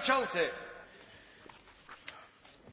przewodniczący!